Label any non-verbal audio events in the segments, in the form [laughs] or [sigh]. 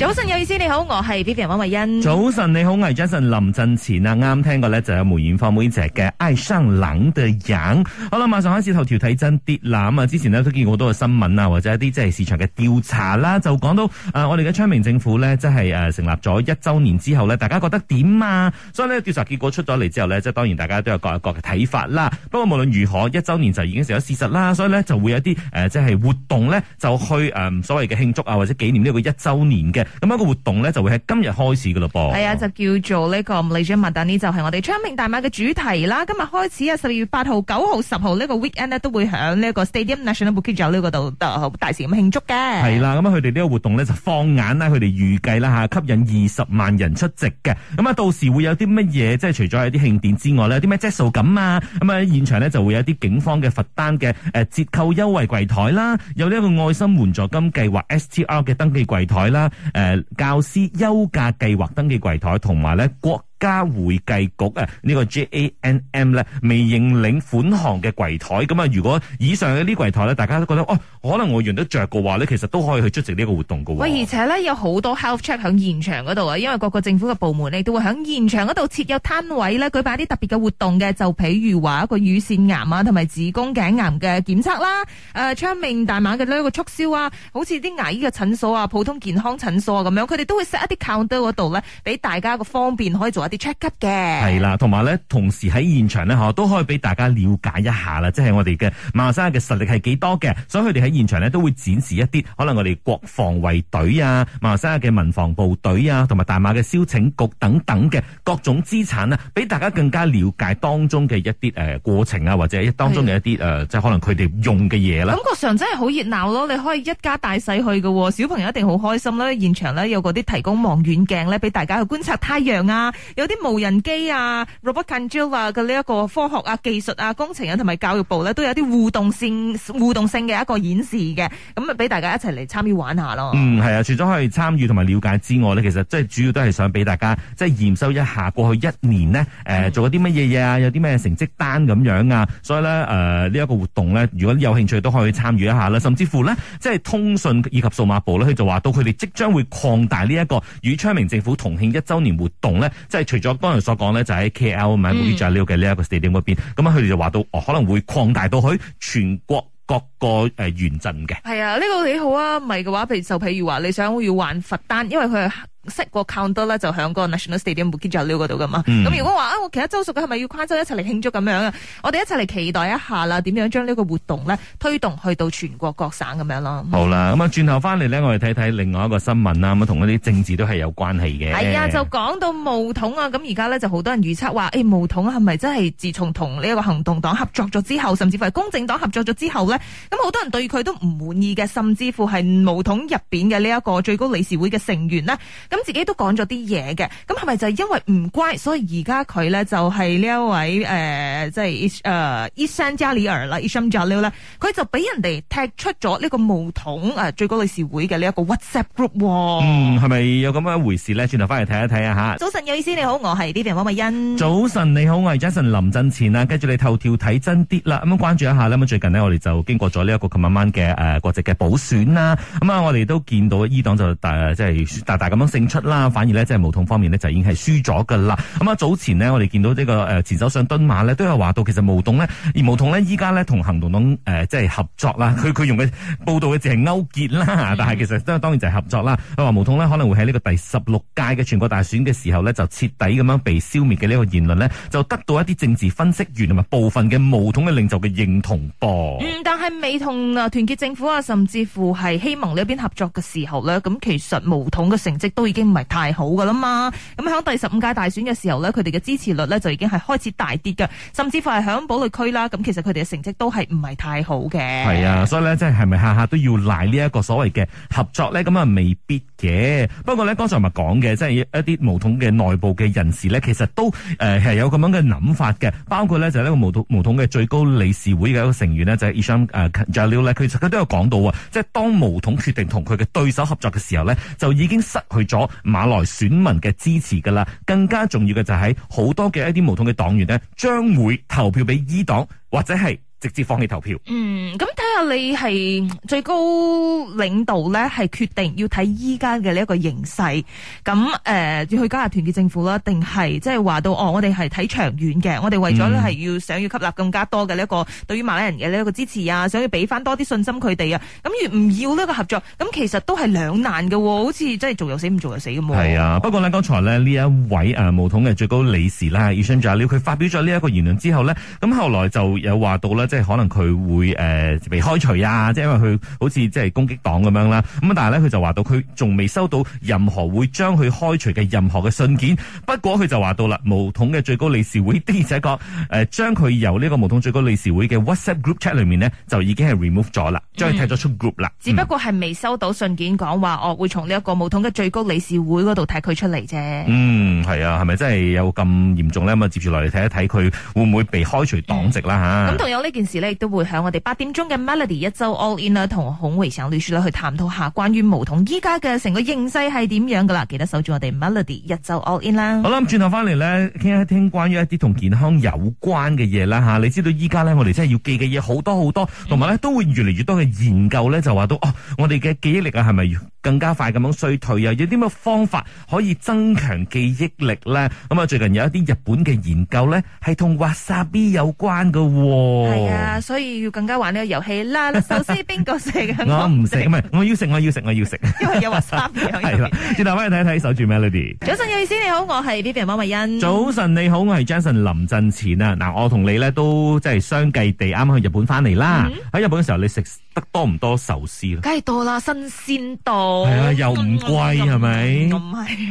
早晨有意思，你好，我係 Vivian 王慧欣。早晨你好，我係 Jason 林振前啊，啱聽過咧就有梅艷芳妹姐嘅愛上冷的人。好啦，馬上開始頭條睇真啲啦啊！之前呢，都見過好多嘅新聞啊，或者一啲即係市場嘅調查啦，就講到誒、呃，我哋嘅昌明政府呢，即係誒、呃、成立咗一周年之後呢，大家覺得點啊？所以呢，調查結果出咗嚟之後呢，即係當然大家都有各有各嘅睇法啦。不過無論如何，一周年就已經成咗事實啦，所以呢，就會有啲誒、呃，即係活動呢，就去誒、呃，所謂嘅慶祝啊，或者紀念呢個一周年嘅。咁一個活動咧就會喺今日開始噶咯噃，係啊，就叫做呢個 Malaysia Madani，但呢就係我哋昌明大馬嘅主題啦。今日開始12日日日 end, 啊，十二月八號、九號、十號呢個 weekend 呢，都會響呢一個 Stadium National Bukit Jalil 呢嗰度大肆咁慶祝嘅。係啦，咁佢哋呢個活動咧就放眼啦，佢哋預計啦吓，吸引二十萬人出席嘅。咁啊到時會有啲乜嘢？即係除咗有啲慶典之外咧，啲咩質素啊？咁啊現場咧就會有啲警方嘅罰單嘅誒、呃、折扣優惠櫃台啦，有呢一個愛心援助金計劃 S T R 嘅登記櫃台啦。啊誒、呃、教師休假計劃登記櫃台同埋咧國家會計局啊，呢、這個 JANM 咧，未認領款項嘅櫃台咁啊，如果以上呢櫃台咧，大家都覺得哦，可能我用得着嘅話咧，其實都可以去出席呢個活動嘅。喎，而且咧有好多 health check 響現場嗰度啊，因為各個政府嘅部門咧都會響現場嗰度設有攤位咧，舉辦一啲特別嘅活動嘅，就譬如話一個乳腺癌啊，同埋子宮頸癌嘅檢測啦，誒、呃，昌明大馬嘅呢個促銷啊，好似啲牙醫嘅診所啊，普通健康診所啊咁樣，佢哋都會 set 一啲 counter 嗰度咧，俾大家個方便可以做一啲 check 級嘅系啦，同埋咧，同時喺現場咧，都可以俾大家了解一下啦，即係我哋嘅馬來西亞嘅實力係幾多嘅，所以佢哋喺現場咧都會展示一啲可能我哋國防衛隊啊、馬來西亞嘅民防部隊啊、同埋大馬嘅消拯局等等嘅各種資產啊，俾大家更加了解當中嘅一啲誒過程啊，或者當中嘅一啲誒的、呃，即係可能佢哋用嘅嘢啦。感覺上真係好熱鬧咯，你可以一家大細去嘅，小朋友一定好開心啦。現場咧有嗰啲提供望遠鏡咧，俾大家去觀察太陽啊。有啲無人機啊、robot control 啊嘅呢一個科學啊、技術啊、工程啊，同埋教育部咧都有啲互動性、互動性嘅一個演示嘅，咁啊俾大家一齊嚟參與玩下咯。嗯，係啊，除咗可以參與同埋了解之外咧，其實即係主要都係想俾大家即係驗收一下過去一年咧，誒、嗯呃、做咗啲乜嘢嘢啊，有啲咩成績單咁樣啊，所以咧誒呢一、呃這個活動咧，如果有興趣都可以參與一下啦，甚至乎咧即係通訊以及數碼部咧，佢就話到佢哋即將會擴大呢一個與昌明政府同慶一周年活動咧，即係。除咗剛才所講咧，就喺、是、K L 嘅呢一個地點嗰邊，咁啊佢哋就話到哦，可能會擴大到去全國各個誒縣鎮嘅。係啊，呢、這個幾好啊，唔係嘅話，譬如就譬如話，你想要還罰單，因為佢係。set 個 countdown 咧就喺個 national stadium Bukit Jalil 嗰度噶嘛，咁如果話啊我其他州屬嘅係咪要跨州一齊嚟慶祝咁樣啊？我哋一齊嚟期待一下啦，點樣將呢個活動咧推動去到全國各省咁樣咯。好啦，咁啊轉頭翻嚟咧，我哋睇睇另外一個新聞啦，咁同一啲政治都係有關係嘅。係啊、哎，就講到毛統啊，咁而家咧就好多人預測話，誒、哎、毛統係咪真係自從同呢一個行動黨合作咗之後，甚至乎係公正黨合作咗之後咧，咁好多人對佢都唔滿意嘅，甚至乎係毛統入邊嘅呢一個最高理事會嘅成員呢。咁自己都講咗啲嘢嘅，咁係咪就係因為唔乖，所以而家佢咧就係呢一位誒、呃，即係誒 Ethan Jaliar 啦，Ethan Jaliar 咧，佢、呃、就俾人哋踢出咗呢個巫統誒最高理事會嘅呢一個 WhatsApp group。嗯，係咪有咁樣一回事咧？轉頭翻嚟睇一睇啊嚇！早晨，有意思你好，我係 Lily 温美欣。早晨你好，我係 Jason 林振前啊！跟住你頭條睇真啲啦，咁樣關注一下呢。咁最近呢，我哋就經過咗呢一個琴晚晚嘅誒國籍嘅補選啦。咁啊、嗯嗯，我哋都見到伊黨就大即係、就是、大大咁樣勝。出啦，反而咧即係巫統方面呢，就已經係輸咗噶啦。咁啊早前呢，我哋見到呢個誒前首相敦馬呢，都有話到其實巫統呢，而巫統呢，依家呢，同行動黨誒、呃、即係合作啦。佢佢用嘅報道嘅字係勾結啦，嗯、但係其實都當然就係合作啦。佢話巫統呢可能會喺呢個第十六屆嘅全國大選嘅時候呢，就徹底咁樣被消滅嘅呢個言論呢，就得到一啲政治分析員同埋部分嘅巫統嘅領袖嘅認同噃、嗯。但係未同啊團結政府啊甚至乎係希望呢一邊合作嘅時候呢，咁其實巫統嘅成績都。已經唔係太好噶啦嘛，咁喺第十五屆大選嘅時候呢，佢哋嘅支持率呢就已經係開始大跌噶，甚至乎係響堡壘區啦。咁其實佢哋嘅成績都係唔係太好嘅。係啊，所以呢，即係係咪下下都要賴呢一個所謂嘅合作呢？咁啊，未必嘅。不過呢，剛才咪講嘅，即係一啲巫統嘅內部嘅人士呢，其實都誒係、呃、有咁樣嘅諗法嘅。包括呢，就係呢個巫統巫統嘅最高理事會嘅一個成員呢，就係 Isham Jalil 咧，佢其實都有講到啊，即係當巫統決定同佢嘅對手合作嘅時候呢，就已經失去咗。馬來選民嘅支持噶啦，更加重要嘅就係好多嘅一啲巫統嘅黨員咧，將會投票俾伊黨，或者係直接放棄投票。嗯，咁。啊！你係最高領導咧，係決定要睇依家嘅呢一個形勢，咁誒、呃、要去加入團結政府啦，定係即係話到哦，我哋係睇長遠嘅，我哋為咗咧係要想要吸納更加多嘅呢一個、嗯、對於馬來人嘅呢一個支持啊，想要俾翻多啲信心佢哋啊，咁而唔要呢個合作，咁其實都係兩難嘅，好似真係做又死唔做又死咁。係啊，不過呢，剛才咧呢一位誒，巫統嘅最高理事啦，Isham Jalil，佢發表咗呢一個言論之後呢，咁後來就有話到咧，即係可能佢會誒、呃開除啊！即係因為佢好似即係攻擊黨咁樣啦。咁但係咧佢就話到佢仲未收到任何會將佢開除嘅任何嘅信件。不過佢就話到啦，巫統嘅最，最高理事會的而且確誒，將佢由呢個巫統最高理事會嘅 WhatsApp group chat 裏面、嗯、呢，就已經係 remove 咗啦，將佢踢咗出 group 啦。只不過係未收到信件講話我會從呢一個巫統嘅最高理事會嗰度踢佢出嚟啫。嗯，係啊，係咪真係有咁嚴重咧？咁啊，接住落嚟睇一睇佢會唔會被開除黨籍啦吓。咁、嗯啊、同有呢件事咧，亦都會響我哋八點鐘嘅。Melody 一周 all in 啦，同孔維祥律師咧去探討下關於毛同依家嘅成個形勢係點樣噶啦，記得守住我哋 Melody 一周 all in 啦。好啦，轉頭翻嚟咧，傾一傾關於一啲同健康有關嘅嘢啦吓，你知道依家咧我哋真係要記嘅嘢好多好多，同埋咧都會越嚟越多嘅研究咧就話到哦，我哋嘅記憶力啊係咪？更加快咁樣衰退，又有啲咩方法可以增強記憶力咧？咁啊，最近有一啲日本嘅研究咧，係同滑沙 B 有關噶，哦。係啊，所以要更加玩呢個遊戲啦。首先， [laughs] 邊個食？我唔食，唔係我要食，我要食，我要食。要 [laughs] 因為有滑 a B。係啦， [laughs] 謝大家嚟睇一睇守住 Melody。早晨，有意思你好，我係 B B 汪慧欣。早晨你好，我係 Jason 林振前啊！嗱，我同你咧都即係相繼地啱啱去日本翻嚟啦。喺、嗯、日本嘅時候，你食。得多唔多壽司咧？梗係多啦，新鮮度係啊，又唔貴係咪？咁係、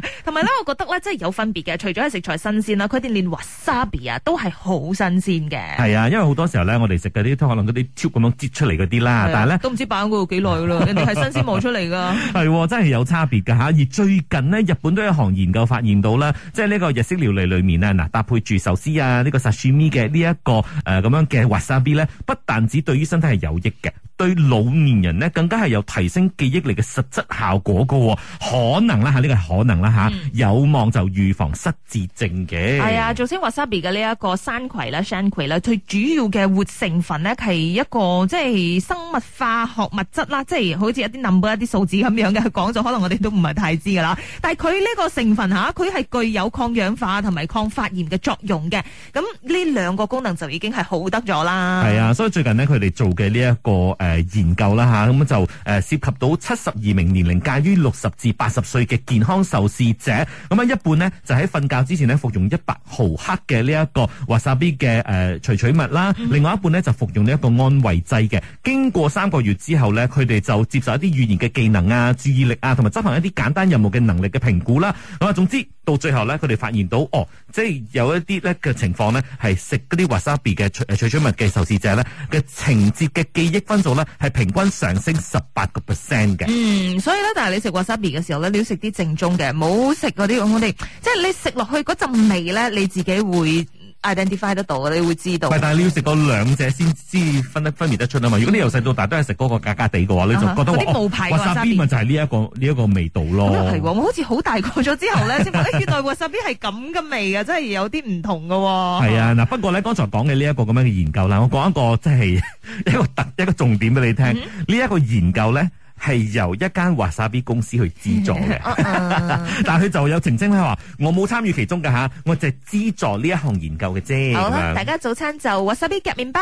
嗯，同埋咧，我覺得咧，真係有分別嘅。除咗係食材新鮮啦，佢哋連 wasabi 啊， [laughs] 都係好新鮮嘅。係啊，因為好多時候咧，我哋食嘅啲可能嗰啲 tube 咁樣擠出嚟嗰啲啦，啊、但係咧都唔知擺喺嗰度幾耐啦。 [laughs] 人哋係新鮮磨出嚟噶，係、啊、真係有差別噶吓。而最近呢，日本都有一項研究發現到咧，即係呢個日式料理裏面咧，嗱、啊、搭配住壽司啊，呢、這個 sashimi 嘅呢一個誒咁、呃、樣嘅 wasabi 咧，不但止對於身體係有益嘅。對老年人呢，更加係有提升記憶力嘅實質效果噶、哦，可能啦、啊、吓，呢個可能啦、啊、吓，嗯、有望就預防失智症嘅。係啊，做青 w 沙 s a b i 嘅呢一個山葵啦，山葵啦，最主要嘅活成分呢，係一個即係生物化學物質啦，即係好似一啲 number 一啲數字咁樣嘅，講咗可能我哋都唔係太知噶啦。但係佢呢個成分吓，佢係具有抗氧化同埋抗發炎嘅作用嘅。咁呢兩個功能就已經係好得咗啦。係啊，所以最近呢、這個，佢哋做嘅呢一個誒。誒，研究啦吓，咁就誒涉及到七十二名年齡介於六十至八十歲嘅健康受試者，咁啊一半呢就喺瞓覺之前呢服用一百毫克嘅呢一個華沙 B 嘅誒除取物啦，另外一半呢就服用呢一個安慰劑嘅。經過三個月之後呢，佢哋就接受一啲語言嘅技能啊、注意力啊，同埋執行一啲簡單任務嘅能力嘅評估啦。咁啊，總之。到最後咧，佢哋發現到，哦，即係有一啲咧嘅情況咧，係食嗰啲 wasabi 嘅萃取物嘅受試者咧嘅情節嘅記憶分數咧，係平均上升十八個 percent 嘅。嗯，所以咧，但係你食 wasabi 嘅時候咧，你要食啲正宗嘅，冇食嗰啲咁我哋，即係你食落去嗰陣味咧，你自己會。identify 得到，嘅，你會知道。但係你要食過兩隻先知分得、嗯、分別得出啊嘛！如果你由細到大都係食嗰個格格地嘅話，啊、你就覺得嗰啲冇牌嘅、哦。喎。滑邊咪就係呢一個、呢一個味道咯。咁又係，我好似好大個咗之後咧，先發現原來滑沙邊係咁嘅味啊！真係有啲唔同嘅。係 [laughs] 啊，嗱，不過咧，剛才講嘅呢一個咁樣嘅研究啦，我講一個即係一個特一個重點俾你聽。呢一、嗯、個研究咧。係由一間 wasabi 公司去資助嘅，uh uh. 但係佢就有澄清咧話：我冇參與其中嘅嚇，我淨係資助呢一項研究嘅啫。好啦，大家早餐就 wasabi 夾麵包，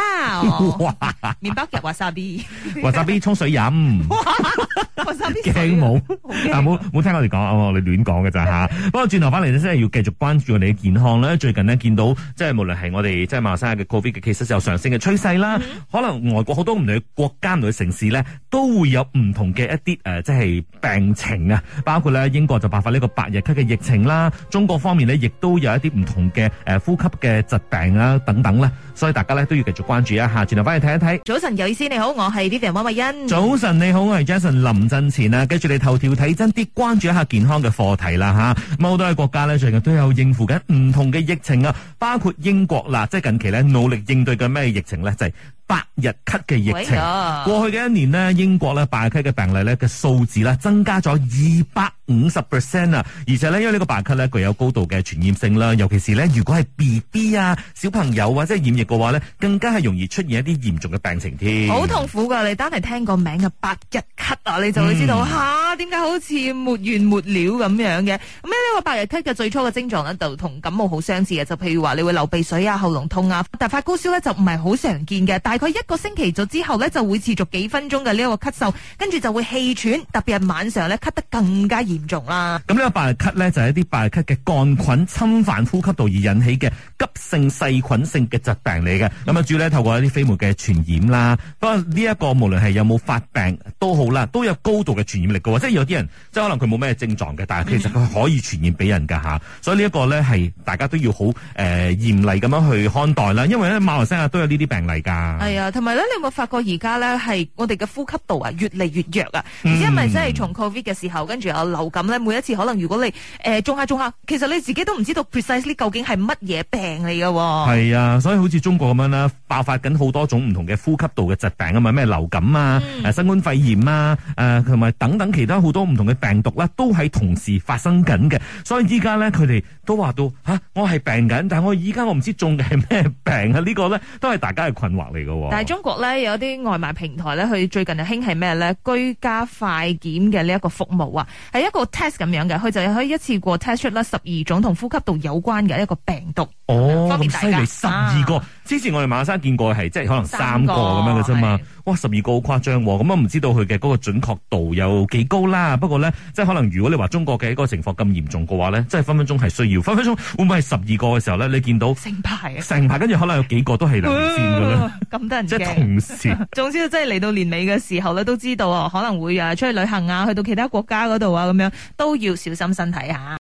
麵包夾 wasabi，wasabi 沖水飲，wasabi 鏡，但冇冇聽我哋講、啊、我哋亂講嘅咋嚇。不過轉頭翻嚟咧，真係要繼續關注我哋嘅健康啦。最近呢，見到即係無論係我哋即係馬來西亞嘅 COVID 嘅，其實就上，上升嘅趨勢啦。嗯、可能外國好多唔同國家、唔同城市咧，都會有唔同。嘅一啲誒，即、呃、係、就是、病情啊，包括咧英國就爆發呢個百日咳嘅疫情啦，中國方面咧亦都有一啲唔同嘅誒、呃、呼吸嘅疾病啊，等等啦。所以大家咧都要繼續關注一下，轉頭翻去睇一睇。早晨，有意思，你好，我係 Linda 温慧欣。早晨你好，我係 Jason。林振前啊，跟住你頭條睇真啲，關注一下健康嘅課題啦嚇。好多嘅國家呢最近都有應付緊唔同嘅疫情啊，包括英國啦，即係近期咧努力應對嘅咩疫情呢？就係百日咳嘅疫情。就是、疫情呀過去嘅一年呢，英國咧百咳嘅病例咧嘅數字呢，增加咗二百五十 percent 啊，而且呢，因為呢個百咳咧具有高度嘅傳染性啦，尤其是呢，如果係 B B 啊小朋友或、啊、者染疫。嘅話咧，更加係容易出現一啲嚴重嘅病情添，好痛苦噶！你單係聽個名嘅百日咳啊，你就會知道嚇點解好似沒完沒了咁樣嘅。咁咧呢個百日咳嘅最初嘅症狀咧，就同感冒好相似嘅，就譬如話你會流鼻水啊、喉嚨痛啊，但發高燒咧就唔係好常見嘅。大概一個星期左右之後咧，就會持續幾分鐘嘅呢一個咳嗽，跟住就會氣喘，特別係晚上咧咳得更加嚴重啦。咁呢個百日咳咧，就係一啲百日咳嘅桿菌侵犯呼吸道而引起嘅急性細菌性嘅疾病。病嚟嘅，咁啊，主要咧透過一啲飛沫嘅傳染啦，不過呢一個無論係有冇發病都好啦，都有高度嘅傳染力噶，即係有啲人即係可能佢冇咩症狀嘅，但係其實佢可以傳染俾人㗎吓，所以呢一個咧係大家都要好誒、呃、嚴厲咁樣去看待啦，因為咧馬來西亞都有呢啲病例㗎。係啊，同埋咧，你有冇發覺而家咧係我哋嘅呼吸道啊越嚟越弱啊？唔知係咪真係從 Covid 嘅時候，跟住有流感咧，每一次可能如果你誒種、呃、下種下，其實你自己都唔知道 precisely 究竟係乜嘢病嚟㗎、啊？係啊，所以好似。中國咁樣啦，爆發緊好多種唔同嘅呼吸道嘅疾病啊嘛，咩流感啊、嗯、新冠肺炎啊，誒同埋等等其他好多唔同嘅病毒咧、啊，都係同時發生緊嘅。所以依家咧，佢哋都話到吓、啊，我係病緊，但係我依家我唔知中嘅係咩病啊。這個、呢個咧都係大家嘅困惑嚟嘅。但係中國咧有啲外賣平台咧，佢最近係興係咩咧？居家快檢嘅呢一個服務啊，係一個 test 咁樣嘅，佢就可以一次過 test 出啦十二種同呼吸道有關嘅一個病毒。哦，咁犀利，十二、哦、個。啊。之前我哋馬鞍山見過，係即係可能三個咁樣嘅啫嘛，哇十二個好誇張，咁啊唔知道佢嘅嗰個準確度有幾高啦。不過咧，即係可能如果你話中國嘅嗰個情況咁嚴重嘅話咧，即係分分鐘係需要，分分鐘會唔會係十二個嘅時候咧，你見到成排啊，成排，跟住可能有幾個都係零尖嘅咧，咁多人即係同時， [laughs] 總之即係嚟到年尾嘅時候咧，都知道啊，可能會啊出去旅行啊，去到其他國家嗰度啊，咁樣都要小心身體下。